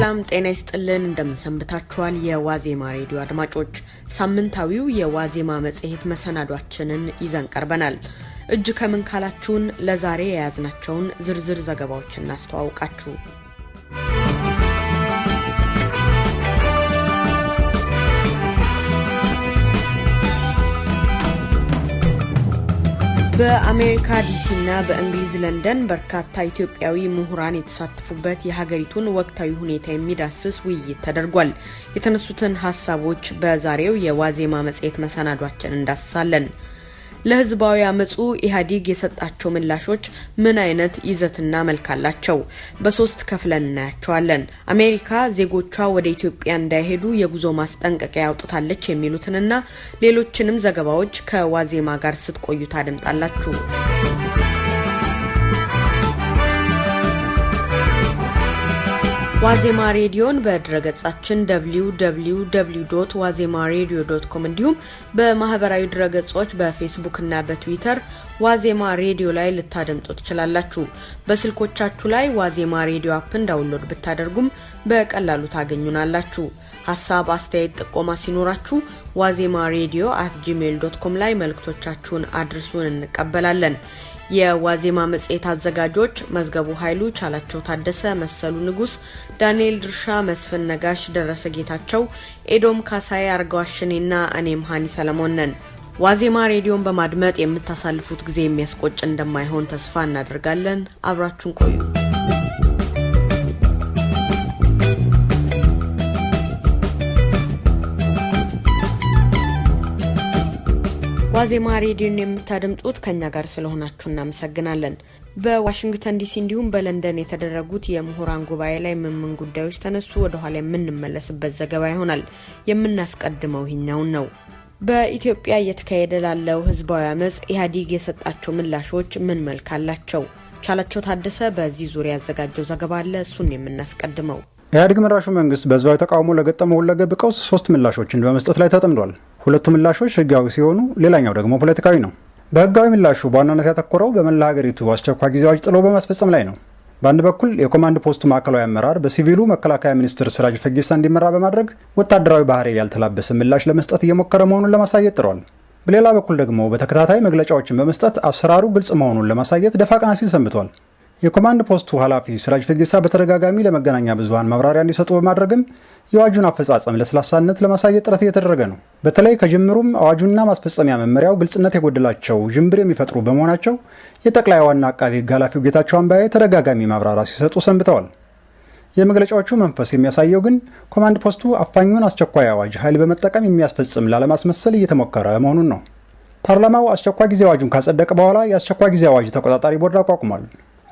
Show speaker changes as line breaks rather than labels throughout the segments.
ሰላም ጤና ይስጥልን። እንደምንሰንብታችኋል? የዋዜማ ሬዲዮ አድማጮች፣ ሳምንታዊው የዋዜማ መጽሔት መሰናዷችንን ይዘን ቀርበናል። እጅ ከምን ካላችሁን ለዛሬ የያዝናቸውን ዝርዝር ዘገባዎች እናስተዋውቃችሁ። በአሜሪካ ዲሲና በእንግሊዝ ለንደን በርካታ ኢትዮጵያዊ ምሁራን የተሳተፉበት የሀገሪቱን ወቅታዊ ሁኔታ የሚዳስስ ውይይት ተደርጓል። የተነሱትን ሀሳቦች በዛሬው የዋዜማ መጽሔት መሰናዷችን እንዳስሳለን። ለህዝባዊ አመፁ ኢህአዴግ የሰጣቸው ምላሾች ምን አይነት ይዘትና መልክ አላቸው? በሶስት ከፍለን እናያቸዋለን። አሜሪካ ዜጎቿ ወደ ኢትዮጵያ እንዳይሄዱ የጉዞ ማስጠንቀቂያ ያውጥታለች የሚሉትንና ሌሎችንም ዘገባዎች ከዋዜማ ጋር ስትቆዩ ታደምጣላችሁ። ዋዜማ ሬዲዮን በድረገጻችን ዶት ዋዜማ ሬዲዮ ዶት ኮም እንዲሁም በማህበራዊ ድረገጾች በፌስቡክ እና በትዊተር ዋዜማ ሬዲዮ ላይ ልታደምጡ ትችላላችሁ። በስልኮቻችሁ ላይ ዋዜማ ሬዲዮ አፕን ዳውንሎድ ብታደርጉም በቀላሉ ታገኙናላችሁ። ሀሳብ፣ አስተያየት፣ ጥቆማ ሲኖራችሁ ዋዜማ ሬዲዮ አት ጂሜይል ዶት ኮም ላይ መልእክቶቻችሁን አድርሱን፣ እንቀበላለን። የዋዜማ መጽሔት አዘጋጆች መዝገቡ ኃይሉ፣ ቻላቸው ታደሰ፣ መሰሉ ንጉስ፣ ዳንኤል ድርሻ፣ መስፍን ነጋሽ፣ ደረሰ ጌታቸው፣ ኤዶም ካሳይ አርጋው አሽኔና እኔም ሀኒ ሰለሞን ነን። ዋዜማ ሬዲዮን በማድመጥ የምታሳልፉት ጊዜ የሚያስቆጭ እንደማይሆን ተስፋ እናደርጋለን። አብራችሁን ቆዩ። ዋዜማ ሬዲዮን የምታደምጡት ከእኛ ጋር ስለሆናችሁ እናመሰግናለን። በዋሽንግተን ዲሲ እንዲሁም በለንደን የተደረጉት የምሁራን ጉባኤ ላይ ምን ጉዳዮች ተነሱ? ወደኋላ የምንመለስበት ዘገባ ይሆናል። የምናስቀድመው ይኛውን ነው። በኢትዮጵያ እየተካሄደ ላለው ህዝባዊ አመፅ ኢህአዲግ የሰጣቸው ምላሾች ምን መልክ አላቸው? ቻላቸው ታደሰ በዚህ ዙሪያ ያዘጋጀው ዘገባ አለ። እሱን የምናስቀድመው
ኢህአዴግ መራሹ መንግስት በህዝባዊ ተቃውሞ ለገጠመው ሁለገብ ቀውስ ሶስት ምላሾችን በመስጠት ላይ ተጠምዷል። ሁለቱ ምላሾች ህጋዊ ሲሆኑ፣ ሌላኛው ደግሞ ፖለቲካዊ ነው። በህጋዊ ምላሹ በዋናነት ያተኮረው በመላ ሀገሪቱ አስቸኳይ ጊዜ አዋጅ ጥሎ በማስፈጸም ላይ ነው። በአንድ በኩል የኮማንድ ፖስቱ ማዕከላዊ አመራር በሲቪሉ መከላከያ ሚኒስትር ስራጅ ፈጌሳ እንዲመራ በማድረግ ወታደራዊ ባህሪ ያልተላበሰ ምላሽ ለመስጠት እየሞከረ መሆኑን ለማሳየት ጥሯል። በሌላ በኩል ደግሞ በተከታታይ መግለጫዎችን በመስጠት አሰራሩ ግልጽ መሆኑን ለማሳየት ደፋ ቀና ሲል ሰንብቷል። የኮማንድ ፖስቱ ኃላፊ ስራጅ ፈጌሳ በተደጋጋሚ ለመገናኛ ብዙሃን ማብራሪያ እንዲሰጡ በማድረግም የአዋጁን አፈጻጸም ለስላሳነት ለማሳየት ጥረት እየተደረገ ነው። በተለይ ከጅምሩም አዋጁና ማስፈጸሚያ መመሪያው ግልጽነት የጎደላቸው ዥንብር የሚፈጥሩ በመሆናቸው የጠቅላይ ዋና አቃቤ ሕግ ኃላፊው ጌታቸው አምባዬ ተደጋጋሚ ማብራሪያ ሲሰጡ ሰንብተዋል። የመግለጫዎቹ መንፈስ የሚያሳየው ግን ኮማንድ ፖስቱ አፋኙን አስቸኳይ አዋጅ ኃይል በመጠቀም የሚያስፈጽም ላለማስመሰል እየተሞከረ መሆኑን ነው። ፓርላማው አስቸኳይ ጊዜ አዋጁን ካጸደቀ በኋላ የአስቸኳይ ጊዜ አዋጅ ተቆጣጣሪ ቦርድ አቋቁሟል።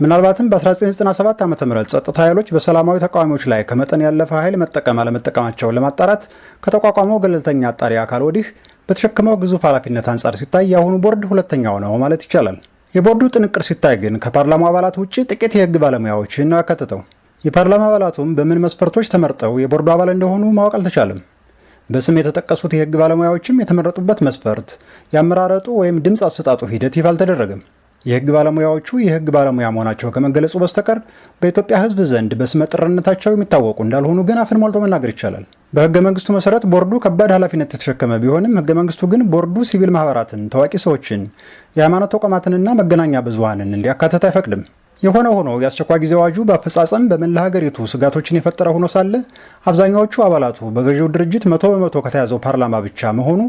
ምናልባትም በ1997 ዓ ም ጸጥታ ኃይሎች በሰላማዊ ተቃዋሚዎች ላይ ከመጠን ያለፈ ኃይል መጠቀም አለመጠቀማቸውን ለማጣራት ከተቋቋመው ገለልተኛ አጣሪ አካል ወዲህ በተሸክመው ግዙፍ ኃላፊነት አንጻር ሲታይ የአሁኑ ቦርድ ሁለተኛው ነው ማለት ይቻላል። የቦርዱ ጥንቅር ሲታይ ግን ከፓርላማ አባላት ውጭ ጥቂት የህግ ባለሙያዎችን ነው ያካተተው። የፓርላማ አባላቱም በምን መስፈርቶች ተመርጠው የቦርዱ አባል እንደሆኑ ማወቅ አልተቻለም። በስም የተጠቀሱት የህግ ባለሙያዎችም የተመረጡበት መስፈርት፣ የአመራረጡ ወይም ድምፅ አሰጣጡ ሂደት ይፋ አልተደረገም። የህግ ባለሙያዎቹ የህግ ባለሙያ መሆናቸው ከመገለጹ በስተቀር በኢትዮጵያ ህዝብ ዘንድ በስመጥርነታቸው የሚታወቁ እንዳልሆኑ ግን አፍን ሞልቶ መናገር ይቻላል። በህገ መንግስቱ መሰረት ቦርዱ ከባድ ኃላፊነት የተሸከመ ቢሆንም ህገ መንግስቱ ግን ቦርዱ ሲቪል ማህበራትን፣ ታዋቂ ሰዎችን፣ የሃይማኖት ተቋማትንና መገናኛ ብዙሀንን እንዲያካተት አይፈቅድም። የሆነ ሆኖ የአስቸኳይ ጊዜ አዋጁ በአፈጻጸም በመላ ሀገሪቱ ስጋቶችን የፈጠረ ሆኖ ሳለ አብዛኛዎቹ አባላቱ በገዢው ድርጅት መቶ በመቶ ከተያዘው ፓርላማ ብቻ መሆኑ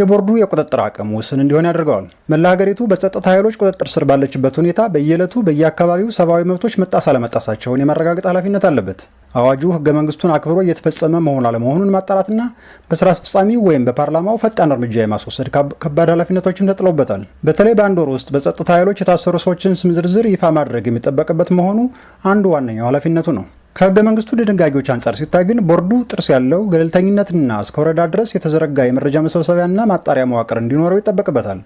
የቦርዱ የቁጥጥር አቅም ውስን እንዲሆን ያደርገዋል። መላ ሀገሪቱ በጸጥታ ኃይሎች ቁጥጥር ስር ባለችበት ሁኔታ በየዕለቱ በየአካባቢው ሰብአዊ መብቶች መጣስ አለመጣሳቸውን የማረጋገጥ ኃላፊነት አለበት። አዋጁ ህገ መንግስቱን አክብሮ እየተፈጸመ መሆን አለመሆኑን ማጣራትና በስራ አስፈጻሚ ወይም በፓርላማው ፈጣን እርምጃ የማስወሰድ ከባድ ኃላፊነቶችም ተጥለውበታል። በተለይ በአንድ ወር ውስጥ በጸጥታ ኃይሎች የታሰሩ ሰዎችን ስም ዝርዝር ይፋ ማድረግ የሚጠበቅበት መሆኑ አንዱ ዋነኛው ኃላፊነቱ ነው። ከህገ መንግስቱ ድንጋጌዎች አንጻር ሲታይ ግን ቦርዱ ጥርስ ያለው ገለልተኝነትና እስከ ወረዳ ድረስ የተዘረጋ የመረጃ መሰብሰቢያና ማጣሪያ መዋቅር እንዲኖረው ይጠበቅበታል።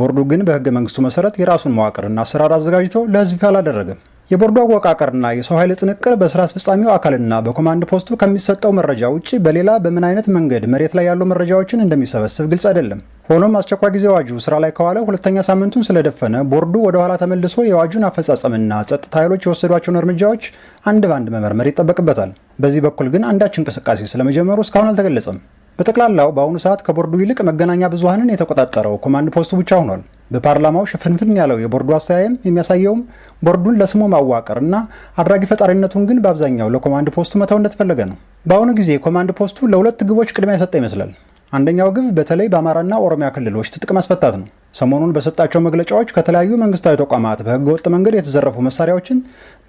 ቦርዱ ግን በህገ መንግስቱ መሰረት የራሱን መዋቅርና አሰራር አዘጋጅቶ ለህዝብ ይፋ አላደረገም። የቦርዱ አወቃቀርና የሰው ኃይል ጥንቅር በስራ አስፈጻሚው አካልና በኮማንድ ፖስቱ ከሚሰጠው መረጃ ውጭ በሌላ በምን አይነት መንገድ መሬት ላይ ያሉ መረጃዎችን እንደሚሰበስብ ግልጽ አይደለም። ሆኖም አስቸኳይ ጊዜ አዋጁ ስራ ላይ ከዋለ ሁለተኛ ሳምንቱን ስለደፈነ ቦርዱ ወደ ኋላ ተመልሶ የአዋጁን አፈጻጸምና ጸጥታ ኃይሎች የወሰዷቸውን እርምጃዎች አንድ በአንድ መመርመር ይጠበቅበታል። በዚህ በኩል ግን አንዳች እንቅስቃሴ ስለመጀመሩ እስካሁን አልተገለጸም። በጠቅላላው በአሁኑ ሰዓት ከቦርዱ ይልቅ መገናኛ ብዙሀንን የተቆጣጠረው ኮማንድ ፖስቱ ብቻ ሆኗል። በፓርላማው ሽፍንፍን ያለው የቦርዱ አስተያየም የሚያሳየውም ቦርዱን ለስሙ ማዋቀር እና አድራጊ ፈጣሪነቱን ግን በአብዛኛው ለኮማንድ ፖስቱ መተው እንደተፈለገ ነው። በአሁኑ ጊዜ ኮማንድ ፖስቱ ለሁለት ግቦች ቅድሚያ የሰጠ ይመስላል። አንደኛው ግብ በተለይ በአማራና ኦሮሚያ ክልሎች ትጥቅ ማስፈታት ነው። ሰሞኑን በሰጣቸው መግለጫዎች ከተለያዩ መንግስታዊ ተቋማት በህገ ወጥ መንገድ የተዘረፉ መሳሪያዎችን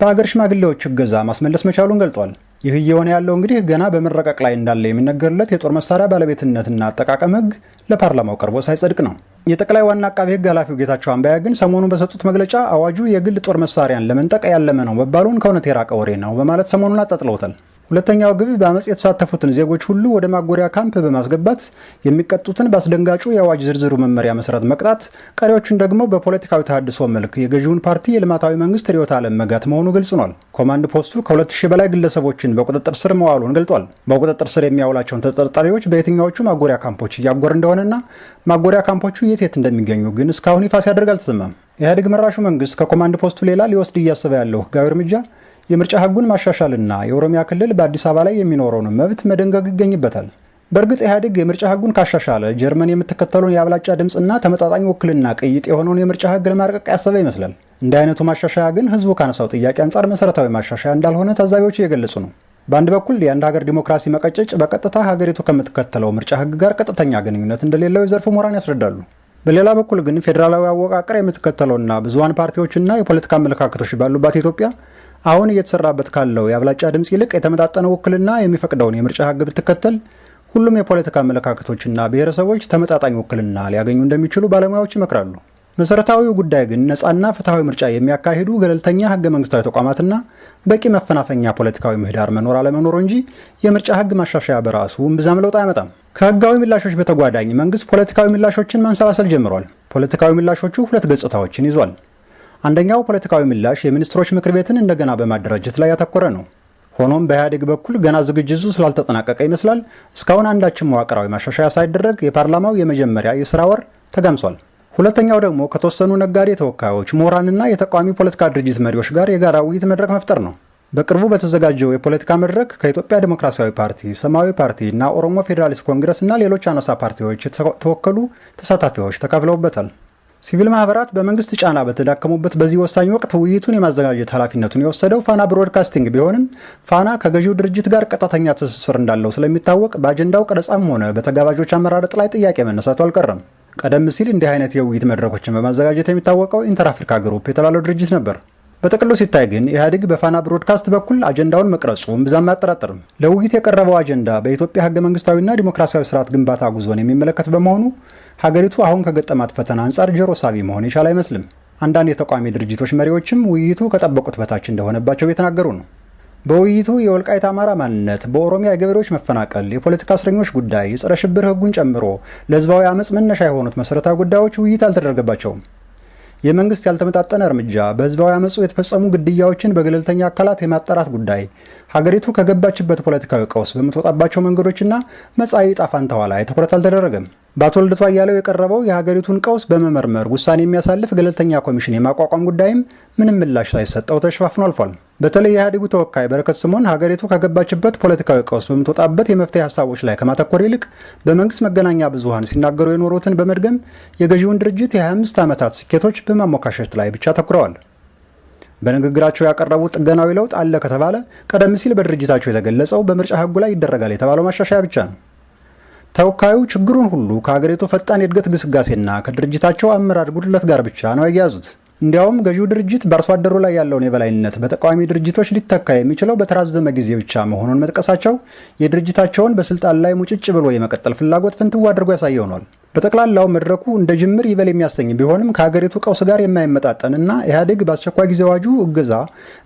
በሀገር ሽማግሌዎች እገዛ ማስመለስ መቻሉን ገልጧል። ይህ እየሆነ ያለው እንግዲህ ገና በመረቀቅ ላይ እንዳለ የሚነገርለት የጦር መሳሪያ ባለቤትነትና አጠቃቀም ህግ ለፓርላማው ቀርቦ ሳይጸድቅ ነው። የጠቅላይ ዋና አቃቤ ህግ ኃላፊው ጌታቸው አምባያ ግን ሰሞኑን በሰጡት መግለጫ አዋጁ የግል ጦር መሳሪያን ለመንጠቅ ያለመ ነው መባሉን ከእውነት የራቀ ወሬ ነው በማለት ሰሞኑን አጣጥለውታል። ሁለተኛው ግብ በአመፅ የተሳተፉትን ዜጎች ሁሉ ወደ ማጎሪያ ካምፕ በማስገባት የሚቀጡትን በአስደንጋጩ የአዋጅ ዝርዝሩ መመሪያ መሰረት መቅጣት፣ ቀሪዎቹን ደግሞ በፖለቲካዊ ተሃድሶ መልክ የገዢውን ፓርቲ የልማታዊ መንግስት ርዕዮተ ዓለም መጋት መሆኑ ግልጽ ሆኗል። ኮማንድ ፖስቱ ከ2 በላይ ግለሰቦችን ሌሎችን በቁጥጥር ስር መዋሉን ገልጧል። በቁጥጥር ስር የሚያውላቸውን ተጠርጣሪዎች በየትኛዎቹ ማጎሪያ ካምፖች እያጎረ እንደሆነና ማጎሪያ ካምፖቹ የት የት እንደሚገኙ ግን እስካሁን ይፋ ሲያደርግ አልተሰማም። ኢህአዴግ መራሹ መንግስት ከኮማንድ ፖስቱ ሌላ ሊወስድ እያሰበ ያለው ህጋዊ እርምጃ የምርጫ ህጉን ማሻሻልና የኦሮሚያ ክልል በአዲስ አበባ ላይ የሚኖረውን መብት መደንገግ ይገኝበታል። በእርግጥ ኢህአዴግ የምርጫ ህጉን ካሻሻለ ጀርመን የምትከተለውን የአብላጫ ድምፅና ተመጣጣኝ ውክልና ቅይጥ የሆነውን የምርጫ ህግ ለማርቀቅ ያሰበ ይመስላል። እንደ አይነቱ ማሻሻያ ግን ህዝቡ ካነሳው ጥያቄ አንጻር መሰረታዊ ማሻሻያ እንዳልሆነ ታዛቢዎች እየገለጹ ነው። በአንድ በኩል የአንድ ሀገር ዲሞክራሲ መቀጨጭ በቀጥታ ሀገሪቱ ከምትከተለው ምርጫ ህግ ጋር ቀጥተኛ ግንኙነት እንደሌለው የዘርፉ ምሁራን ያስረዳሉ። በሌላ በኩል ግን ፌዴራላዊ አወቃቀር የምትከተለውና ብዙሀን ፓርቲዎችና የፖለቲካ አመለካከቶች ባሉባት ኢትዮጵያ አሁን እየተሰራበት ካለው የአብላጫ ድምፅ ይልቅ የተመጣጠነ ውክልና የሚፈቅደውን የምርጫ ህግ ብትከተል ሁሉም የፖለቲካ አመለካከቶችና ብሔረሰቦች ተመጣጣኝ ውክልና ሊያገኙ እንደሚችሉ ባለሙያዎች ይመክራሉ። መሰረታዊው ጉዳይ ግን ነፃና ፍትሐዊ ምርጫ የሚያካሂዱ ገለልተኛ ህገ መንግስታዊ ተቋማትና በቂ መፈናፈኛ ፖለቲካዊ ምህዳር መኖር አለመኖሩ እንጂ የምርጫ ህግ ማሻሻያ በራሱ እምብዛም ለውጥ አያመጣም። ከህጋዊ ምላሾች በተጓዳኝ መንግስት ፖለቲካዊ ምላሾችን ማንሰላሰል ጀምሯል። ፖለቲካዊ ምላሾቹ ሁለት ገጽታዎችን ይዟል። አንደኛው ፖለቲካዊ ምላሽ የሚኒስትሮች ምክር ቤትን እንደገና በማደራጀት ላይ ያተኮረ ነው። ሆኖም በኢህአዴግ በኩል ገና ዝግጅቱ ስላልተጠናቀቀ ይመስላል እስካሁን አንዳችን መዋቅራዊ ማሻሻያ ሳይደረግ የፓርላማው የመጀመሪያ የስራ ወር ተጋምሷል። ሁለተኛው ደግሞ ከተወሰኑ ነጋዴ ተወካዮች፣ ምሁራንና የተቃዋሚ ፖለቲካ ድርጅት መሪዎች ጋር የጋራ ውይይት መድረክ መፍጠር ነው። በቅርቡ በተዘጋጀው የፖለቲካ መድረክ ከኢትዮጵያ ዴሞክራሲያዊ ፓርቲ፣ ሰማያዊ ፓርቲ እና ኦሮሞ ፌዴራሊስት ኮንግረስ እና ሌሎች አነሳ ፓርቲዎች የተወከሉ ተሳታፊዎች ተካፍለውበታል። ሲቪል ማህበራት በመንግስት ጫና በተዳከሙበት በዚህ ወሳኝ ወቅት ውይይቱን የማዘጋጀት ኃላፊነቱን የወሰደው ፋና ብሮድካስቲንግ ቢሆንም ፋና ከገዢው ድርጅት ጋር ቀጥተኛ ትስስር እንዳለው ስለሚታወቅ በአጀንዳው ቀረጻም ሆነ በተጋባዦች አመራረጥ ላይ ጥያቄ መነሳቱ አልቀረም። ቀደም ሲል እንዲህ አይነት የውይይት መድረኮችን በማዘጋጀት የሚታወቀው ኢንተር አፍሪካ ግሩፕ የተባለው ድርጅት ነበር። በጥቅሉ ሲታይ ግን ኢህአዴግ በፋና ብሮድካስት በኩል አጀንዳውን መቅረጹ ብዛም አያጠራጥርም። ለውይይት የቀረበው አጀንዳ በኢትዮጵያ ህገ መንግስታዊና ዲሞክራሲያዊ ስርዓት ግንባታ ጉዞን የሚመለከት በመሆኑ ሀገሪቱ አሁን ከገጠማት ፈተና አንጻር ጆሮ ሳቢ መሆን የቻለ አይመስልም። አንዳንድ የተቃዋሚ ድርጅቶች መሪዎችም ውይይቱ ከጠበቁት በታች እንደሆነባቸው እየተናገሩ ነው። በውይይቱ የወልቃይት አማራ ማንነት፣ በኦሮሚያ የገበሬዎች መፈናቀል፣ የፖለቲካ እስረኞች ጉዳይ፣ የጸረ ሽብር ህጉን ጨምሮ ለህዝባዊ አመፅ መነሻ የሆኑት መሰረታዊ ጉዳዮች ውይይት አልተደረገባቸውም። የመንግስት ያልተመጣጠነ እርምጃ፣ በህዝባዊ አመፁ የተፈጸሙ ግድያዎችን በገለልተኛ አካላት የማጣራት ጉዳይ ሀገሪቱ ከገባችበት ፖለቲካዊ ቀውስ በምትወጣባቸው መንገዶችና መጻኢ ዕጣ ፈንታዋ ላይ ትኩረት አልተደረገም። በአቶ ልደቱ አያሌው የቀረበው የሀገሪቱን ቀውስ በመመርመር ውሳኔ የሚያሳልፍ ገለልተኛ ኮሚሽን የማቋቋም ጉዳይም ምንም ምላሽ ሳይሰጠው ተሸፋፍኖ አልፏል። በተለይ የኢህአዴጉ ተወካይ በረከት ስምኦን ሀገሪቱ ከገባችበት ፖለቲካዊ ቀውስ በምትወጣበት የመፍትሄ ሀሳቦች ላይ ከማተኮር ይልቅ በመንግስት መገናኛ ብዙሀን ሲናገሩ የኖሩትን በመድገም የገዢውን ድርጅት የ25 ዓመታት ስኬቶች በማሞካሸት ላይ ብቻ አተኩረዋል። በንግግራቸው ያቀረቡት ጥገናዊ ለውጥ አለ ከተባለ ቀደም ሲል በድርጅታቸው የተገለጸው በምርጫ ሕጉ ላይ ይደረጋል የተባለው ማሻሻያ ብቻ ነው። ተወካዩ ችግሩን ሁሉ ከሀገሪቱ ፈጣን የእድገት ግስጋሴና ከድርጅታቸው አመራር ጉድለት ጋር ብቻ ነው ያያዙት። እንዲያውም ገዢው ድርጅት በአርሶ አደሩ ላይ ያለውን የበላይነት በተቃዋሚ ድርጅቶች ሊተካ የሚችለው በተራዘመ ጊዜ ብቻ መሆኑን መጥቀሳቸው የድርጅታቸውን በስልጣን ላይ ሙጭጭ ብሎ የመቀጠል ፍላጎት ፍንትው አድርጎ ያሳየ ሆኗል። በጠቅላላው መድረኩ እንደ ጅምር ይበል የሚያሰኝ ቢሆንም ከሀገሪቱ ቀውስ ጋር የማይመጣጠን እና ኢህአዴግ በአስቸኳይ ጊዜ አዋጁ እገዛ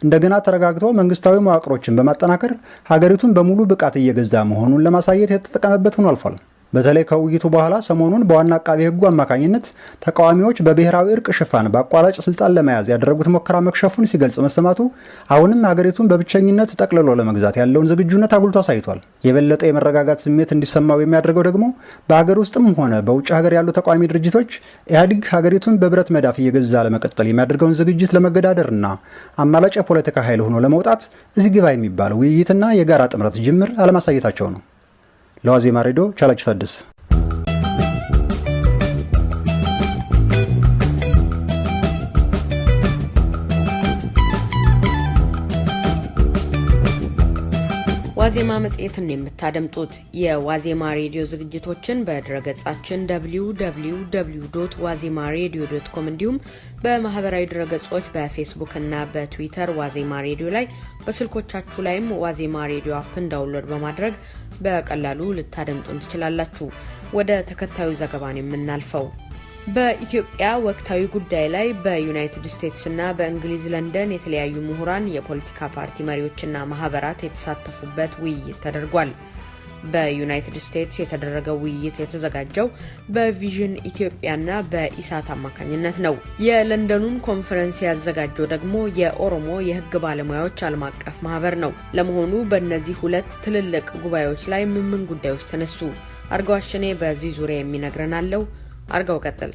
እንደገና ተረጋግቶ መንግስታዊ መዋቅሮችን በማጠናከር ሀገሪቱን በሙሉ ብቃት እየገዛ መሆኑን ለማሳየት የተጠቀመበት ሆኖ አልፏል። በተለይ ከውይይቱ በኋላ ሰሞኑን በዋና አቃቢ ሕጉ አማካኝነት ተቃዋሚዎች በብሔራዊ እርቅ ሽፋን በአቋራጭ ስልጣን ለመያዝ ያደረጉት ሙከራ መክሸፉን ሲገልጽ መሰማቱ አሁንም ሀገሪቱን በብቸኝነት ጠቅልሎ ለመግዛት ያለውን ዝግጁነት አጉልቶ አሳይቷል። የበለጠ የመረጋጋት ስሜት እንዲሰማው የሚያደርገው ደግሞ በሀገር ውስጥም ሆነ በውጭ ሀገር ያሉ ተቃዋሚ ድርጅቶች ኢህአዲግ ሀገሪቱን በብረት መዳፍ እየገዛ ለመቀጠል የሚያደርገውን ዝግጅት ለመገዳደርና አማላጭ የፖለቲካ ኃይል ሆኖ ለመውጣት እዚህ ግባ የሚባል ውይይትና የጋራ ጥምረት ጅምር አለማሳየታቸው ነው። ለዋዜማ ሬዲዮ ቻላቸው ታደሰ
ዋዜማ መጽሔትን የምታደምጡት የዋዜማ ሬዲዮ ዝግጅቶችን በድረገጻችን ደብልዩ ደብልዩ ደብልዩ ዶት ዋዜማ ሬዲዮ ዶት ኮም እንዲሁም በማህበራዊ ድረገጾች በፌስቡክ እና በትዊተር ዋዜማ ሬዲዮ ላይ በስልኮቻችሁ ላይም ዋዜማ ሬዲዮ አፕን ዳውንሎድ በማድረግ በቀላሉ ልታደምጡን ትችላላችሁ። ወደ ተከታዩ ዘገባን የምናልፈው በኢትዮጵያ ወቅታዊ ጉዳይ ላይ በዩናይትድ እና በእንግሊዝ ለንደን የተለያዩ ምሁራን፣ የፖለቲካ ፓርቲ መሪዎችና ማህበራት የተሳተፉበት ውይይት ተደርጓል። በዩናይትድ ስቴትስ የተደረገው ውይይት የተዘጋጀው በቪዥን ኢትዮጵያና በኢሳት አማካኝነት ነው። የለንደኑን ኮንፈረንስ ያዘጋጀው ደግሞ የኦሮሞ የህግ ባለሙያዎች ዓለም አቀፍ ማህበር ነው። ለመሆኑ በእነዚህ ሁለት ትልልቅ ጉባኤዎች ላይ ምን ምን ጉዳዮች ተነሱ? አርጋው አሸኔ በዚህ ዙሪያ የሚነግረን አለው። አርጋው ቀጥል።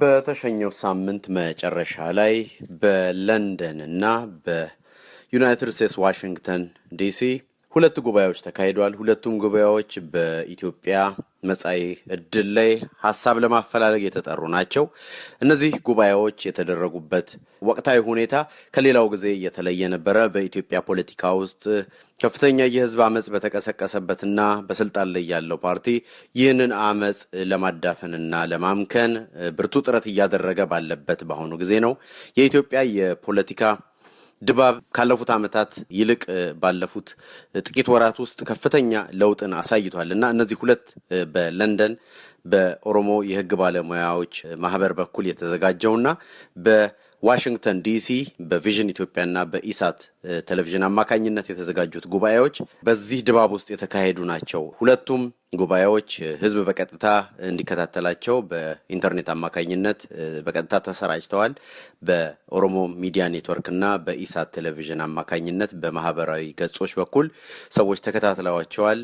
በተሸኘው ሳምንት መጨረሻ ላይ በለንደን እና በዩናይትድ ስቴትስ ዋሽንግተን ዲሲ ሁለት ጉባኤዎች ተካሂደዋል። ሁለቱም ጉባኤዎች በኢትዮጵያ መጻኢ እድል ላይ ሀሳብ ለማፈላለግ የተጠሩ ናቸው። እነዚህ ጉባኤዎች የተደረጉበት ወቅታዊ ሁኔታ ከሌላው ጊዜ እየተለየ ነበረ። በኢትዮጵያ ፖለቲካ ውስጥ ከፍተኛ የህዝብ አመፅ በተቀሰቀሰበትና በስልጣን ላይ ያለው ፓርቲ ይህንን አመፅ ለማዳፈንና ለማምከን ብርቱ ጥረት እያደረገ ባለበት በአሁኑ ጊዜ ነው የኢትዮጵያ የፖለቲካ ድባብ ካለፉት ዓመታት ይልቅ ባለፉት ጥቂት ወራት ውስጥ ከፍተኛ ለውጥን አሳይቷል እና እነዚህ ሁለት በለንደን በኦሮሞ የሕግ ባለሙያዎች ማህበር በኩል የተዘጋጀውና ዋሽንግተን ዲሲ በቪዥን ኢትዮጵያና በኢሳት ቴሌቪዥን አማካኝነት የተዘጋጁት ጉባኤዎች በዚህ ድባብ ውስጥ የተካሄዱ ናቸው። ሁለቱም ጉባኤዎች ሕዝብ በቀጥታ እንዲከታተላቸው በኢንተርኔት አማካኝነት በቀጥታ ተሰራጭተዋል። በኦሮሞ ሚዲያ ኔትወርክ እና በኢሳት ቴሌቪዥን አማካኝነት በማህበራዊ ገጾች በኩል ሰዎች ተከታትለዋቸዋል።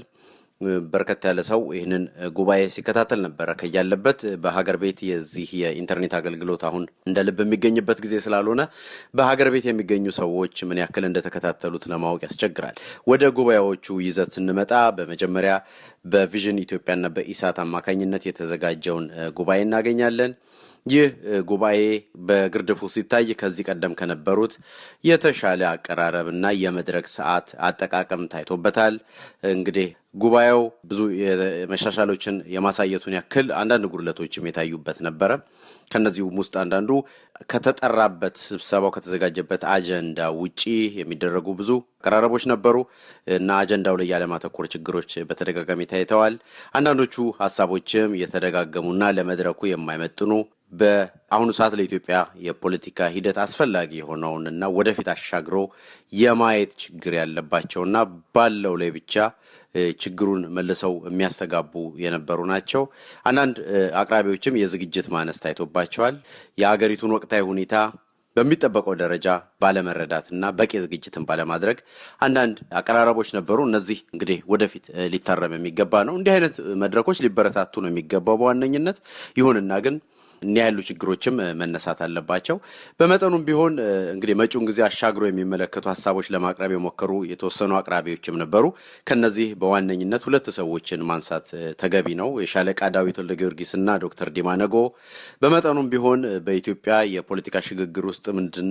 በርከት ያለ ሰው ይህንን ጉባኤ ሲከታተል ነበረ ከያለበት። በሀገር ቤት የዚህ የኢንተርኔት አገልግሎት አሁን እንደ ልብ የሚገኝበት ጊዜ ስላልሆነ በሀገር ቤት የሚገኙ ሰዎች ምን ያክል እንደተከታተሉት ለማወቅ ያስቸግራል። ወደ ጉባኤዎቹ ይዘት ስንመጣ በመጀመሪያ በቪዥን ኢትዮጵያና በኢሳት አማካኝነት የተዘጋጀውን ጉባኤ እናገኛለን። ይህ ጉባኤ በግርድፉ ሲታይ ከዚህ ቀደም ከነበሩት የተሻለ አቀራረብ እና የመድረክ ሰዓት አጠቃቀም ታይቶበታል። እንግዲህ ጉባኤው ብዙ መሻሻሎችን የማሳየቱን ያክል አንዳንድ ጉድለቶችም የታዩበት ነበረ። ከነዚሁም ውስጥ አንዳንዱ ከተጠራበት ስብሰባው ከተዘጋጀበት አጀንዳ ውጪ የሚደረጉ ብዙ አቀራረቦች ነበሩ እና አጀንዳው ላይ ያለማተኮር ችግሮች በተደጋጋሚ ታይተዋል። አንዳንዶቹ ሀሳቦችም የተደጋገሙና ለመድረኩ የማይመጥኑ በአሁኑ ሰዓት ለኢትዮጵያ የፖለቲካ ሂደት አስፈላጊ የሆነውንና ወደፊት አሻግሮ የማየት ችግር ያለባቸውና ባለው ላይ ብቻ ችግሩን መልሰው የሚያስተጋቡ የነበሩ ናቸው። አንዳንድ አቅራቢዎችም የዝግጅት ማነስ ታይቶባቸዋል። የአገሪቱን ወቅታዊ ሁኔታ በሚጠበቀው ደረጃ ባለመረዳትና በቂ ዝግጅትን ባለማድረግ አንዳንድ አቀራረቦች ነበሩ። እነዚህ እንግዲህ ወደፊት ሊታረም የሚገባ ነው። እንዲህ አይነት መድረኮች ሊበረታቱ ነው የሚገባው በዋነኝነት። ይሁንና ግን እኒያ ያሉ ችግሮችም መነሳት አለባቸው። በመጠኑም ቢሆን እንግዲህ መጪውን ጊዜ አሻግሮ የሚመለከቱ ሀሳቦች ለማቅረብ የሞከሩ የተወሰኑ አቅራቢዎችም ነበሩ። ከነዚህ በዋነኝነት ሁለት ሰዎችን ማንሳት ተገቢ ነው። የሻለቃ ዳዊት ወልደ ጊዮርጊስና ዶክተር ዲማ ነጎ በመጠኑም ቢሆን በኢትዮጵያ የፖለቲካ ሽግግር ውስጥ ምንድን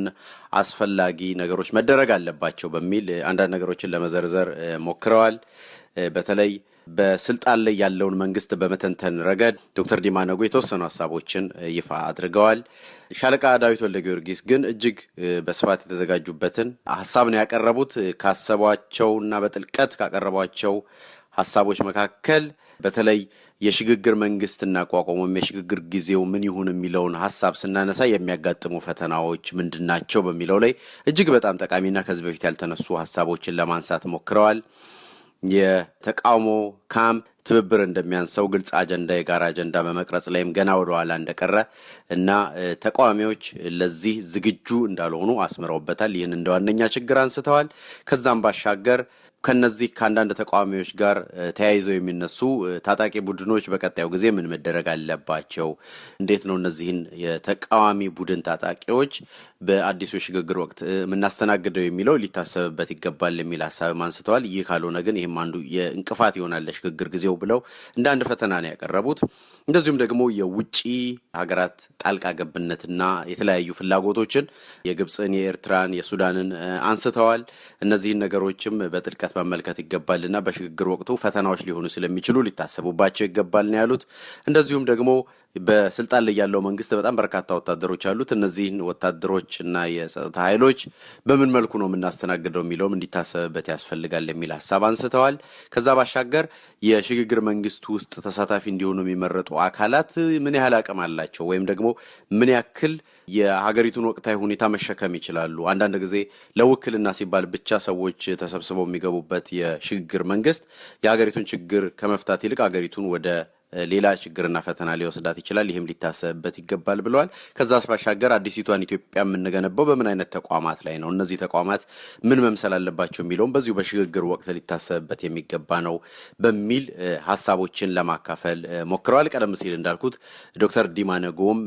አስፈላጊ ነገሮች መደረግ አለባቸው በሚል አንዳንድ ነገሮችን ለመዘርዘር ሞክረዋል። በተለይ በስልጣን ላይ ያለውን መንግስት በመተንተን ረገድ ዶክተር ዲማ ነጎ የተወሰኑ ሀሳቦችን ይፋ አድርገዋል። ሻለቃ ዳዊት ወልደ ጊዮርጊስ ግን እጅግ በስፋት የተዘጋጁበትን ሀሳብ ነው ያቀረቡት። ካሰቧቸውና በጥልቀት ካቀረቧቸው ሀሳቦች መካከል በተለይ የሽግግር መንግስት እናቋቋሙም የሽግግር ጊዜው ምን ይሁን የሚለውን ሀሳብ ስናነሳ የሚያጋጥሙ ፈተናዎች ምንድን ናቸው በሚለው ላይ እጅግ በጣም ጠቃሚና ከዚህ በፊት ያልተነሱ ሀሳቦችን ለማንሳት ሞክረዋል። የተቃውሞ ካምፕ ትብብር እንደሚያንሰው ግልጽ አጀንዳ የጋራ አጀንዳ በመቅረጽ ላይም ገና ወደ ኋላ እንደቀረ እና ተቃዋሚዎች ለዚህ ዝግጁ እንዳልሆኑ አስምረውበታል። ይህን እንደ ዋነኛ ችግር አንስተዋል። ከዛም ባሻገር ከነዚህ ከአንዳንድ ተቃዋሚዎች ጋር ተያይዘው የሚነሱ ታጣቂ ቡድኖች በቀጣዩ ጊዜ ምን መደረግ አለባቸው? እንዴት ነው እነዚህን የተቃዋሚ ቡድን ታጣቂዎች በአዲሱ የሽግግር ወቅት የምናስተናግደው የሚለው ሊታሰብበት ይገባል የሚል ሀሳብም አንስተዋል። ይህ ካልሆነ ግን ይህም አንዱ የእንቅፋት ይሆናል ለሽግግር ጊዜው ብለው እንደ አንድ ፈተና ነው ያቀረቡት። እንደዚሁም ደግሞ የውጭ ሀገራት ጣልቃ ገብነትና የተለያዩ ፍላጎቶችን የግብፅን፣ የኤርትራን፣ የሱዳንን አንስተዋል። እነዚህን ነገሮችም በጥልቀት በጥልቀት መመልከት ይገባልና በሽግግር ወቅቱ ፈተናዎች ሊሆኑ ስለሚችሉ ሊታሰቡባቸው ይገባል ነው ያሉት። እንደዚሁም ደግሞ በስልጣን ላይ ያለው መንግስት በጣም በርካታ ወታደሮች አሉት። እነዚህን ወታደሮች እና የጸጥታ ኃይሎች በምን መልኩ ነው የምናስተናግደው የሚለውም እንዲታሰብበት ያስፈልጋል የሚል ሀሳብ አንስተዋል። ከዛ ባሻገር የሽግግር መንግስቱ ውስጥ ተሳታፊ እንዲሆኑ የሚመረጡ አካላት ምን ያህል አቅም አላቸው ወይም ደግሞ ምን ያክል የሀገሪቱን ወቅታዊ ሁኔታ መሸከም ይችላሉ። አንዳንድ ጊዜ ለውክልና ሲባል ብቻ ሰዎች ተሰብስበው የሚገቡበት የሽግግር መንግስት የሀገሪቱን ችግር ከመፍታት ይልቅ ሀገሪቱን ወደ ሌላ ችግርና ፈተና ሊወስዳት ይችላል። ይህም ሊታሰብበት ይገባል ብለዋል። ከዛ ባሻገር አዲሲቷን ኢትዮጵያ የምንገነባው በምን አይነት ተቋማት ላይ ነው፣ እነዚህ ተቋማት ምን መምሰል አለባቸው የሚለውም በዚሁ በሽግግር ወቅት ሊታሰብበት የሚገባ ነው በሚል ሀሳቦችን ለማካፈል ሞክረዋል። ቀደም ሲል እንዳልኩት ዶክተር ዲማነጎም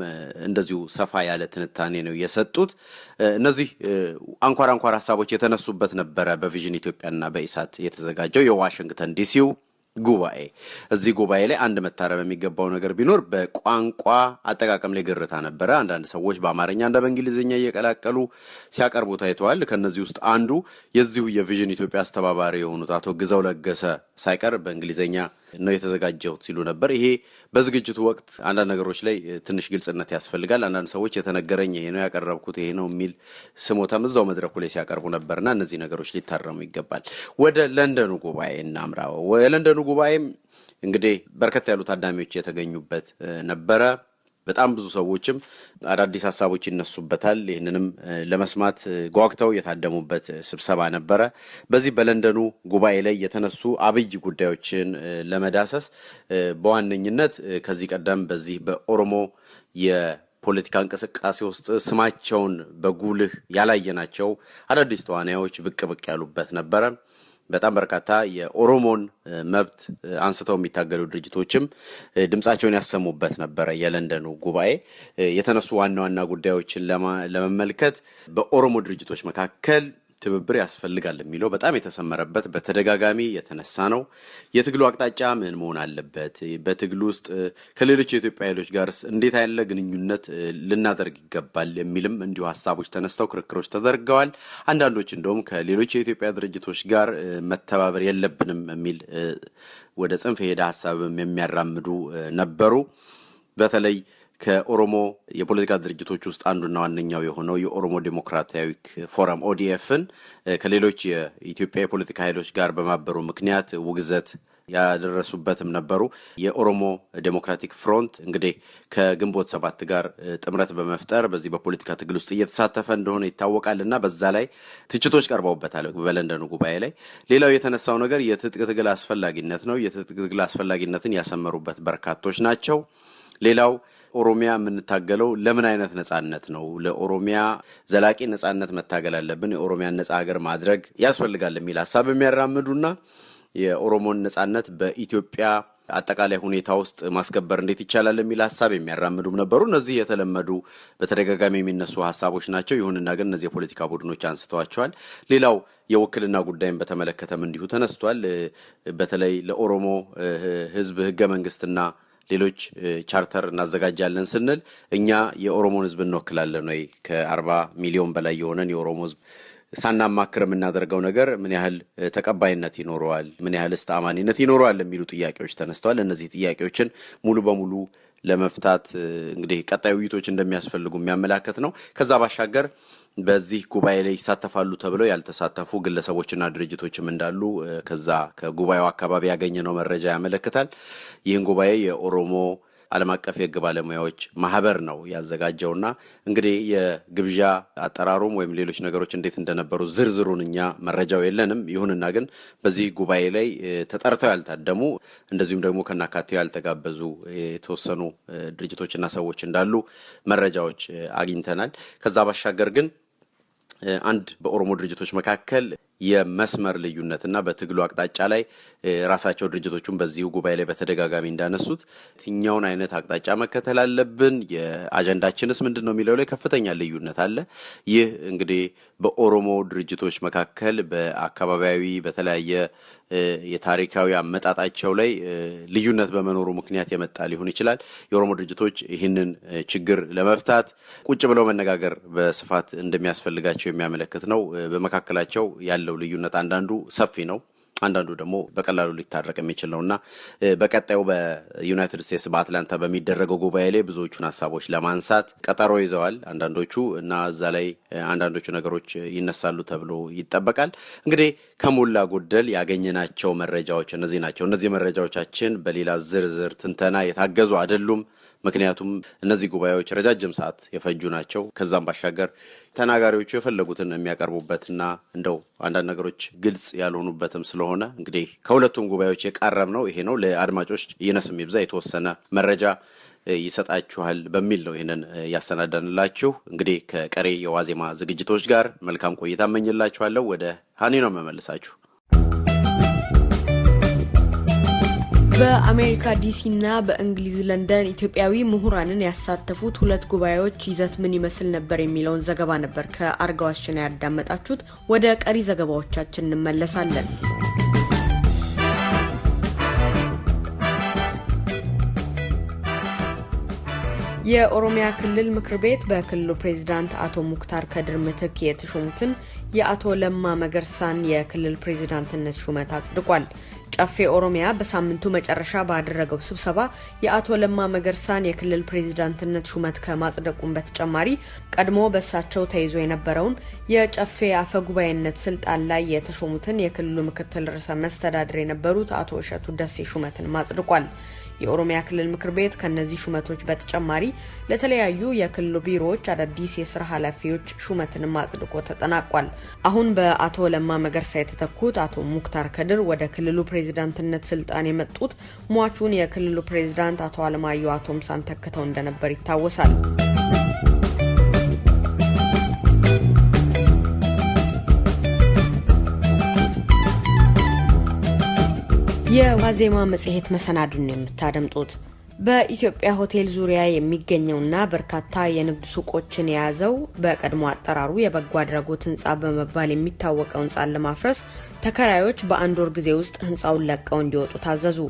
እንደዚሁ ሰፋ ያለ ትንታኔ ነው የሰጡት። እነዚህ አንኳር አንኳር ሀሳቦች የተነሱበት ነበረ በቪዥን ኢትዮጵያና በኢሳት የተዘጋጀው የዋሽንግተን ዲሲው ጉባኤ እዚህ ጉባኤ ላይ አንድ መታረም የሚገባው ነገር ቢኖር በቋንቋ አጠቃቀም ላይ ግርታ ነበረ። አንዳንድ ሰዎች በአማርኛ እና በእንግሊዝኛ እየቀላቀሉ ሲያቀርቡ ታይተዋል። ከእነዚህ ውስጥ አንዱ የዚሁ የቪዥን ኢትዮጵያ አስተባባሪ የሆኑት አቶ ግዘው ለገሰ ሳይቀር በእንግሊዝኛ ነው የተዘጋጀሁት ሲሉ ነበር። ይሄ በዝግጅቱ ወቅት አንዳንድ ነገሮች ላይ ትንሽ ግልጽነት ያስፈልጋል። አንዳንድ ሰዎች የተነገረኝ ይሄ ነው ያቀረብኩት ይሄ ነው የሚል ስሞታም እዛው መድረኩ ላይ ሲያቀርቡ ነበርና እነዚህ ነገሮች ሊታረሙ ይገባል። ወደ ለንደኑ ጉባኤ እናምራ። የለንደኑ ጉባኤም እንግዲህ በርከት ያሉ ታዳሚዎች የተገኙበት ነበረ። በጣም ብዙ ሰዎችም አዳዲስ ሀሳቦች ይነሱበታል። ይህንንም ለመስማት ጓግተው የታደሙበት ስብሰባ ነበረ። በዚህ በለንደኑ ጉባኤ ላይ የተነሱ አብይ ጉዳዮችን ለመዳሰስ በዋነኝነት ከዚህ ቀደም በዚህ በኦሮሞ የፖለቲካ እንቅስቃሴ ውስጥ ስማቸውን በጉልህ ያላየናቸው አዳዲስ ተዋናዮች ብቅ ብቅ ያሉበት ነበረ። በጣም በርካታ የኦሮሞን መብት አንስተው የሚታገሉ ድርጅቶችም ድምፃቸውን ያሰሙበት ነበረ። የለንደኑ ጉባኤ የተነሱ ዋና ዋና ጉዳዮችን ለመመልከት በኦሮሞ ድርጅቶች መካከል ትብብር ያስፈልጋል የሚለው በጣም የተሰመረበት በተደጋጋሚ የተነሳ ነው። የትግሉ አቅጣጫ ምን መሆን አለበት? በትግሉ ውስጥ ከሌሎች የኢትዮጵያ ኃይሎች ጋርስ እንዴት ያለ ግንኙነት ልናደርግ ይገባል የሚልም እንዲሁ ሀሳቦች ተነስተው ክርክሮች ተደርገዋል። አንዳንዶች እንደውም ከሌሎች የኢትዮጵያ ድርጅቶች ጋር መተባበር የለብንም የሚል ወደ ጽንፍ የሄደ ሀሳብም የሚያራምዱ ነበሩ። በተለይ ከኦሮሞ የፖለቲካ ድርጅቶች ውስጥ አንዱና ዋነኛው የሆነው የኦሮሞ ዴሞክራሲያዊ ፎረም ኦዲኤፍን ከሌሎች የኢትዮጵያ የፖለቲካ ኃይሎች ጋር በማበሩ ምክንያት ውግዘት ያደረሱበትም ነበሩ። የኦሮሞ ዴሞክራቲክ ፍሮንት እንግዲህ ከግንቦት ሰባት ጋር ጥምረት በመፍጠር በዚህ በፖለቲካ ትግል ውስጥ እየተሳተፈ እንደሆነ ይታወቃል እና በዛ ላይ ትችቶች ቀርበውበታል በለንደኑ ጉባኤ ላይ። ሌላው የተነሳው ነገር የትጥቅ ትግል አስፈላጊነት ነው። የትጥቅ ትግል አስፈላጊነትን ያሰመሩበት በርካቶች ናቸው። ሌላው ኦሮሚያ የምንታገለው ለምን አይነት ነጻነት ነው? ለኦሮሚያ ዘላቂ ነጻነት መታገል አለብን፣ የኦሮሚያን ነጻ ሀገር ማድረግ ያስፈልጋል የሚል ሀሳብ የሚያራምዱና የኦሮሞን ነጻነት በኢትዮጵያ አጠቃላይ ሁኔታ ውስጥ ማስከበር እንዴት ይቻላል የሚል ሀሳብ የሚያራምዱም ነበሩ። እነዚህ የተለመዱ በተደጋጋሚ የሚነሱ ሀሳቦች ናቸው። ይሁንና ግን እነዚህ የፖለቲካ ቡድኖች አንስተዋቸዋል። ሌላው የውክልና ጉዳይን በተመለከተም እንዲሁ ተነስቷል። በተለይ ለኦሮሞ ሕዝብ ህገ መንግስትና ሌሎች ቻርተር እናዘጋጃለን ስንል እኛ የኦሮሞን ህዝብ እንወክላለን ወይ ከአርባ ሚሊዮን በላይ የሆነን የኦሮሞ ህዝብ ሳናማክር የምናደርገው ነገር ምን ያህል ተቀባይነት ይኖረዋል፣ ምን ያህል ስተአማኒነት ይኖረዋል የሚሉ ጥያቄዎች ተነስተዋል። እነዚህ ጥያቄዎችን ሙሉ በሙሉ ለመፍታት እንግዲህ ቀጣይ ውይይቶች እንደሚያስፈልጉ የሚያመላከት ነው። ከዛ ባሻገር በዚህ ጉባኤ ላይ ይሳተፋሉ ተብለው ያልተሳተፉ ግለሰቦችና ድርጅቶችም እንዳሉ ከዛ ከጉባኤው አካባቢ ያገኘነው መረጃ ያመለክታል። ይህን ጉባኤ የኦሮሞ ዓለም አቀፍ የሕግ ባለሙያዎች ማህበር ነው ያዘጋጀውና እንግዲህ የግብዣ አጠራሩም ወይም ሌሎች ነገሮች እንዴት እንደነበሩ ዝርዝሩን እኛ መረጃው የለንም። ይሁንና ግን በዚህ ጉባኤ ላይ ተጠርተው ያልታደሙ እንደዚሁም ደግሞ ከናካቴው ያልተጋበዙ የተወሰኑ ድርጅቶችና ሰዎች እንዳሉ መረጃዎች አግኝተናል። ከዛ ባሻገር ግን አንድ በኦሮሞ ድርጅቶች መካከል የመስመር ልዩነትና በትግሉ አቅጣጫ ላይ ራሳቸው ድርጅቶቹን በዚሁ ጉባኤ ላይ በተደጋጋሚ እንዳነሱት የትኛውን አይነት አቅጣጫ መከተል አለብን፣ የአጀንዳችንስ ምንድን ነው የሚለው ላይ ከፍተኛ ልዩነት አለ። ይህ እንግዲህ በኦሮሞ ድርጅቶች መካከል በአካባቢያዊ በተለያየ የታሪካዊ አመጣጣቸው ላይ ልዩነት በመኖሩ ምክንያት የመጣ ሊሆን ይችላል። የኦሮሞ ድርጅቶች ይህንን ችግር ለመፍታት ቁጭ ብለው መነጋገር በስፋት እንደሚያስፈልጋቸው የሚያመለክት ነው። በመካከላቸው ያለ ያለው ልዩነት አንዳንዱ ሰፊ ነው፣ አንዳንዱ ደግሞ በቀላሉ ሊታረቅ የሚችል ነው እና በቀጣዩ በዩናይትድ ስቴትስ በአትላንታ በሚደረገው ጉባኤ ላይ ብዙዎቹን ሀሳቦች ለማንሳት ቀጠሮ ይዘዋል አንዳንዶቹ እና እዛ ላይ አንዳንዶቹ ነገሮች ይነሳሉ ተብሎ ይጠበቃል። እንግዲህ ከሞላ ጎደል ያገኘናቸው መረጃዎች እነዚህ ናቸው። እነዚህ መረጃዎቻችን በሌላ ዝርዝር ትንተና የታገዙ አይደሉም። ምክንያቱም እነዚህ ጉባኤዎች ረጃጅም ሰዓት የፈጁ ናቸው። ከዛም ባሻገር ተናጋሪዎቹ የፈለጉትን የሚያቀርቡበትና እንደው አንዳንድ ነገሮች ግልጽ ያልሆኑበትም ስለሆነ እንግዲህ ከሁለቱም ጉባኤዎች የቃረብ ነው ይሄ ነው። ለአድማጮች ይነስም ይብዛ የተወሰነ መረጃ ይሰጣችኋል በሚል ነው ይህንን ያሰናዳንላችሁ። እንግዲህ ከቀሬ የዋዜማ ዝግጅቶች ጋር መልካም ቆይታ እመኝላችኋለሁ። ወደ ሀኒ ነው መመልሳችሁ።
በአሜሪካ ዲሲ እና በእንግሊዝ ለንደን ኢትዮጵያዊ ምሁራንን ያሳተፉት ሁለት ጉባኤዎች ይዘት ምን ይመስል ነበር የሚለውን ዘገባ ነበር ከአርጋዋሽና ያዳመጣችሁት። ወደ ቀሪ ዘገባዎቻችን እንመለሳለን። የኦሮሚያ ክልል ምክር ቤት በክልሉ ፕሬዚዳንት አቶ ሙክታር ከድር ምትክ የተሾሙትን የአቶ ለማ መገርሳን የክልል ፕሬዚዳንትነት ሹመት አጽድቋል። ጨፌ ኦሮሚያ በሳምንቱ መጨረሻ ባደረገው ስብሰባ የአቶ ለማ መገርሳን የክልል ፕሬዚዳንትነት ሹመት ከማጽደቁን በተጨማሪ ቀድሞ በእሳቸው ተይዞ የነበረውን የጨፌ አፈ ጉባኤነት ስልጣን ላይ የተሾሙትን የክልሉ ምክትል ርዕሰ መስተዳድር የነበሩት አቶ እሸቱ ደሴ ሹመትን ማጽድቋል። የኦሮሚያ ክልል ምክር ቤት ከነዚህ ሹመቶች በተጨማሪ ለተለያዩ የክልሉ ቢሮዎች አዳዲስ የስራ ኃላፊዎች ሹመትንም አጽድቆ ተጠናቋል። አሁን በአቶ ለማ መገርሳ የተተኩት አቶ ሙክታር ከድር ወደ ክልሉ ፕሬዚዳንትነት ስልጣን የመጡት ሟቹን የክልሉ ፕሬዚዳንት አቶ አለማየሁ አቶምሳን ተክተው እንደነበር ይታወሳል። የዋዜማ መጽሔት መሰናዱን የምታደምጡት በኢትዮጵያ ሆቴል ዙሪያ የሚገኘውና በርካታ የንግድ ሱቆችን የያዘው በቀድሞ አጠራሩ የበጎ አድራጎት ህንፃ በመባል የሚታወቀው ህንፃን ለማፍረስ ተከራዮች በአንድ ወር ጊዜ ውስጥ ህንፃውን ለቀው እንዲወጡ ታዘዙ።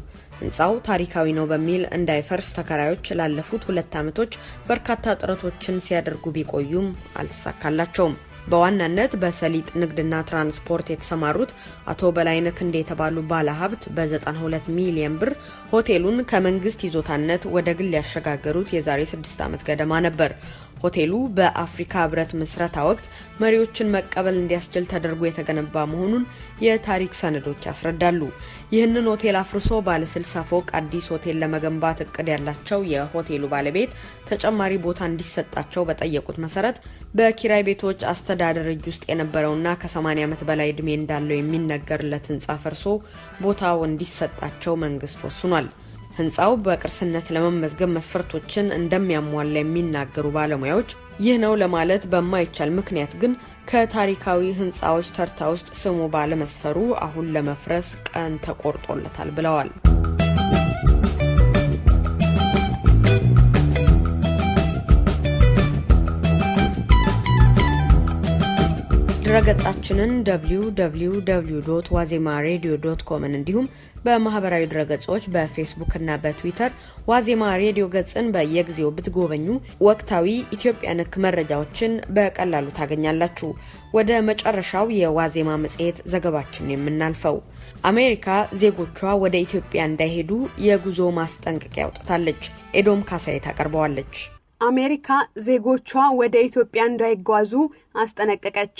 ህንፃው ታሪካዊ ነው በሚል እንዳይፈርስ ተከራዮች ላለፉት ሁለት ዓመቶች በርካታ ጥረቶችን ሲያደርጉ ቢቆዩም አልተሳካላቸውም። በዋናነት በሰሊጥ ንግድና ትራንስፖርት የተሰማሩት አቶ በላይነክ እንደ የተባሉ ባለሀብት በ92 ሚሊየን ብር ሆቴሉን ከመንግስት ይዞታነት ወደ ግል ያሸጋገሩት የዛሬ ስድስት ዓመት ገደማ ነበር። ሆቴሉ በአፍሪካ ህብረት ምስረታ ወቅት መሪዎችን መቀበል እንዲያስችል ተደርጎ የተገነባ መሆኑን የታሪክ ሰነዶች ያስረዳሉ። ይህንን ሆቴል አፍርሶ ባለ 60 ፎቅ አዲስ ሆቴል ለመገንባት እቅድ ያላቸው የሆቴሉ ባለቤት ተጨማሪ ቦታ እንዲሰጣቸው በጠየቁት መሰረት በኪራይ ቤቶች አስተዳደር እጅ ውስጥ የነበረውና ከ80 ዓመት በላይ እድሜ እንዳለው የሚነገርለት ህንፃ ፈርሶ ቦታው እንዲሰጣቸው መንግስት ወስኗል። ህንፃው በቅርስነት ለመመዝገብ መስፈርቶችን እንደሚያሟላ የሚናገሩ ባለሙያዎች ይህ ነው ለማለት በማይቻል ምክንያት ግን ከታሪካዊ ህንፃዎች ተርታ ውስጥ ስሙ ባለመስፈሩ አሁን ለመፍረስ ቀን ተቆርጦለታል ብለዋል። ድረገጻችንን ዋዜማ ሬዲዮ ዶት ኮምን እንዲሁም በማህበራዊ ድረገጾች በፌስቡክ እና በትዊተር ዋዜማ ሬዲዮ ገጽን በየጊዜው ብትጎበኙ ወቅታዊ ኢትዮጵያ ነክ መረጃዎችን በቀላሉ ታገኛላችሁ። ወደ መጨረሻው የዋዜማ መጽሔት ዘገባችን የምናልፈው አሜሪካ ዜጎቿ ወደ ኢትዮጵያ እንዳይሄዱ የጉዞ ማስጠንቀቂያ አውጥታለች። ኤዶም ካሳዬ ታቀርበዋለች።
አሜሪካ ዜጎቿ ወደ ኢትዮጵያ እንዳይጓዙ አስጠነቀቀች።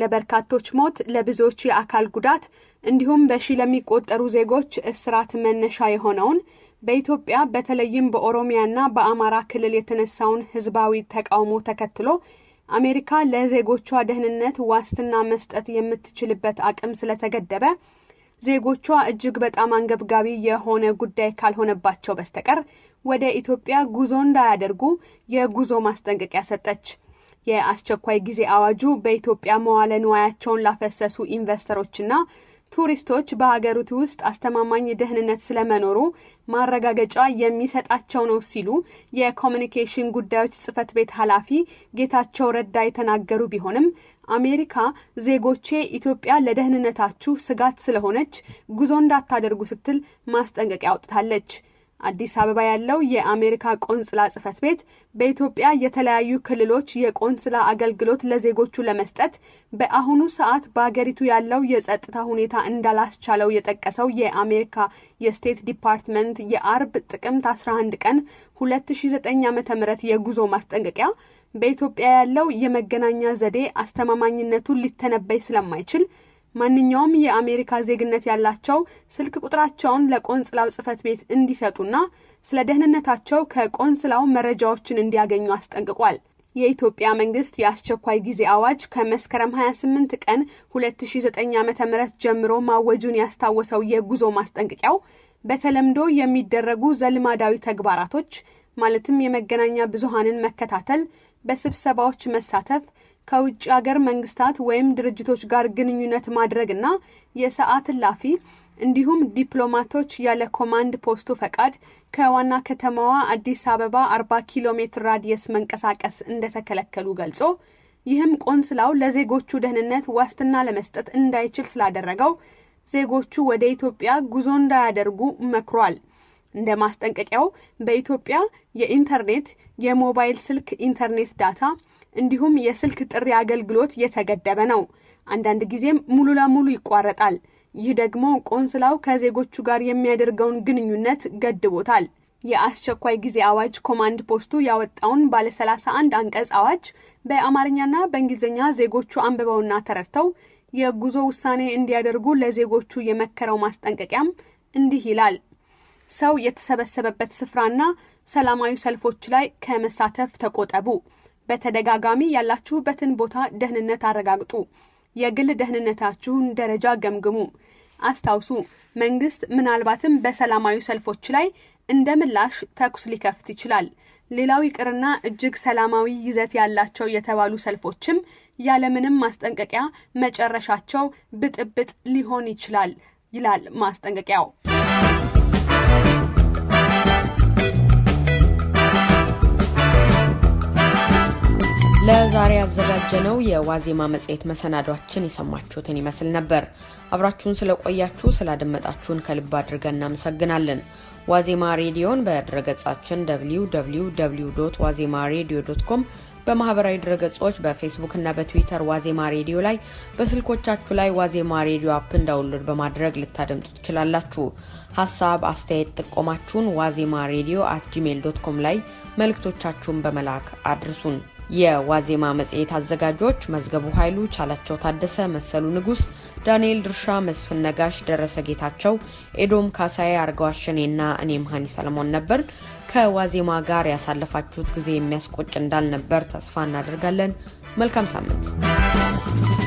ለበርካቶች ሞት፣ ለብዙዎች የአካል ጉዳት እንዲሁም በሺ ለሚቆጠሩ ዜጎች እስራት መነሻ የሆነውን በኢትዮጵያ በተለይም በኦሮሚያና በአማራ ክልል የተነሳውን ህዝባዊ ተቃውሞ ተከትሎ አሜሪካ ለዜጎቿ ደህንነት ዋስትና መስጠት የምትችልበት አቅም ስለተገደበ ዜጎቿ እጅግ በጣም አንገብጋቢ የሆነ ጉዳይ ካልሆነባቸው በስተቀር ወደ ኢትዮጵያ ጉዞ እንዳያደርጉ የጉዞ ማስጠንቀቂያ ሰጠች። የአስቸኳይ ጊዜ አዋጁ በኢትዮጵያ መዋለ ንዋያቸውን ላፈሰሱ ኢንቨስተሮችና ቱሪስቶች በሀገሪቱ ውስጥ አስተማማኝ ደህንነት ስለመኖሩ ማረጋገጫ የሚሰጣቸው ነው ሲሉ የኮሚኒኬሽን ጉዳዮች ጽህፈት ቤት ኃላፊ ጌታቸው ረዳ የተናገሩ ቢሆንም አሜሪካ ዜጎቼ ኢትዮጵያ ለደህንነታችሁ ስጋት ስለሆነች ጉዞ እንዳታደርጉ ስትል ማስጠንቀቂያ አውጥታለች። አዲስ አበባ ያለው የአሜሪካ ቆንስላ ጽህፈት ቤት በኢትዮጵያ የተለያዩ ክልሎች የቆንስላ አገልግሎት ለዜጎቹ ለመስጠት በአሁኑ ሰዓት በአገሪቱ ያለው የጸጥታ ሁኔታ እንዳላስቻለው የጠቀሰው የአሜሪካ የስቴት ዲፓርትመንት የአርብ ጥቅምት 11 ቀን 2009 ዓ ም የጉዞ ማስጠንቀቂያ በኢትዮጵያ ያለው የመገናኛ ዘዴ አስተማማኝነቱን ሊተነበይ ስለማይችል ማንኛውም የአሜሪካ ዜግነት ያላቸው ስልክ ቁጥራቸውን ለቆንስላው ጽህፈት ቤት እንዲሰጡና ስለ ደህንነታቸው ከቆንስላው መረጃዎችን እንዲያገኙ አስጠንቅቋል። የኢትዮጵያ መንግስት የአስቸኳይ ጊዜ አዋጅ ከመስከረም 28 ቀን 2009 ዓ ም ጀምሮ ማወጁን ያስታወሰው የጉዞ ማስጠንቀቂያው በተለምዶ የሚደረጉ ዘልማዳዊ ተግባራቶች ማለትም የመገናኛ ብዙሃንን መከታተል፣ በስብሰባዎች መሳተፍ፣ ከውጭ አገር መንግስታት ወይም ድርጅቶች ጋር ግንኙነት ማድረግና የሰዓት ላፊ እንዲሁም ዲፕሎማቶች ያለ ኮማንድ ፖስቱ ፈቃድ ከዋና ከተማዋ አዲስ አበባ 40 ኪሎ ሜትር ራዲየስ መንቀሳቀስ እንደተከለከሉ ገልጾ ይህም ቆንስላው ለዜጎቹ ደህንነት ዋስትና ለመስጠት እንዳይችል ስላደረገው ዜጎቹ ወደ ኢትዮጵያ ጉዞ እንዳያደርጉ መክሯል። እንደ ማስጠንቀቂያው በኢትዮጵያ የኢንተርኔት የሞባይል ስልክ ኢንተርኔት ዳታ እንዲሁም የስልክ ጥሪ አገልግሎት የተገደበ ነው። አንዳንድ ጊዜም ሙሉ ለሙሉ ይቋረጣል። ይህ ደግሞ ቆንስላው ከዜጎቹ ጋር የሚያደርገውን ግንኙነት ገድቦታል። የአስቸኳይ ጊዜ አዋጅ ኮማንድ ፖስቱ ያወጣውን ባለ 31 አንቀጽ አዋጅ በአማርኛና በእንግሊዝኛ ዜጎቹ አንብበውና ተረድተው የጉዞ ውሳኔ እንዲያደርጉ ለዜጎቹ የመከረው ማስጠንቀቂያም እንዲህ ይላል። ሰው የተሰበሰበበት ስፍራና ሰላማዊ ሰልፎች ላይ ከመሳተፍ ተቆጠቡ። በተደጋጋሚ ያላችሁበትን ቦታ ደህንነት አረጋግጡ። የግል ደህንነታችሁን ደረጃ ገምግሙ። አስታውሱ፣ መንግስት ምናልባትም በሰላማዊ ሰልፎች ላይ እንደ ምላሽ ተኩስ ሊከፍት ይችላል። ሌላው ይቅርና እጅግ ሰላማዊ ይዘት ያላቸው የተባሉ ሰልፎችም ያለምንም ማስጠንቀቂያ መጨረሻቸው ብጥብጥ ሊሆን ይችላል ይላል ማስጠንቀቂያው።
ለዛሬ ያዘጋጀነው የዋዜማ መጽሔት መሰናዷችን የሰማችሁትን ይመስል ነበር። አብራችሁን ስለቆያችሁ ስላደመጣችሁን ከልብ አድርገን እናመሰግናለን። ዋዜማ ሬዲዮን በድረገጻችን ደብሊው ደብሊው ደብሊው ዶት ዋዜማ ሬዲዮ ዶት ኮም በማህበራዊ ድረገጾች በፌስቡክ እና በትዊተር ዋዜማ ሬዲዮ ላይ በስልኮቻችሁ ላይ ዋዜማ ሬዲዮ አፕ ዳውንሎድ በማድረግ ልታደምጡ ትችላላችሁ። ሀሳብ፣ አስተያየት፣ ጥቆማችሁን ዋዜማ ሬዲዮ አት ጂሜል ዶት ኮም ላይ መልእክቶቻችሁን በመላክ አድርሱን። የዋዜማ መጽሔት አዘጋጆች መዝገቡ ኃይሉ፣ ቻላቸው ታደሰ፣ መሰሉ ንጉስ፣ ዳንኤል ድርሻ፣ መስፍን ነጋሽ፣ ደረሰ ጌታቸው፣ ኤዶም ካሳይ አርገው አሸኔና እኔም ሀኒ ሰለሞን ነበር። ከዋዜማ ጋር ያሳለፋችሁት ጊዜ የሚያስቆጭ እንዳልነበር ተስፋ እናደርጋለን። መልካም ሳምንት።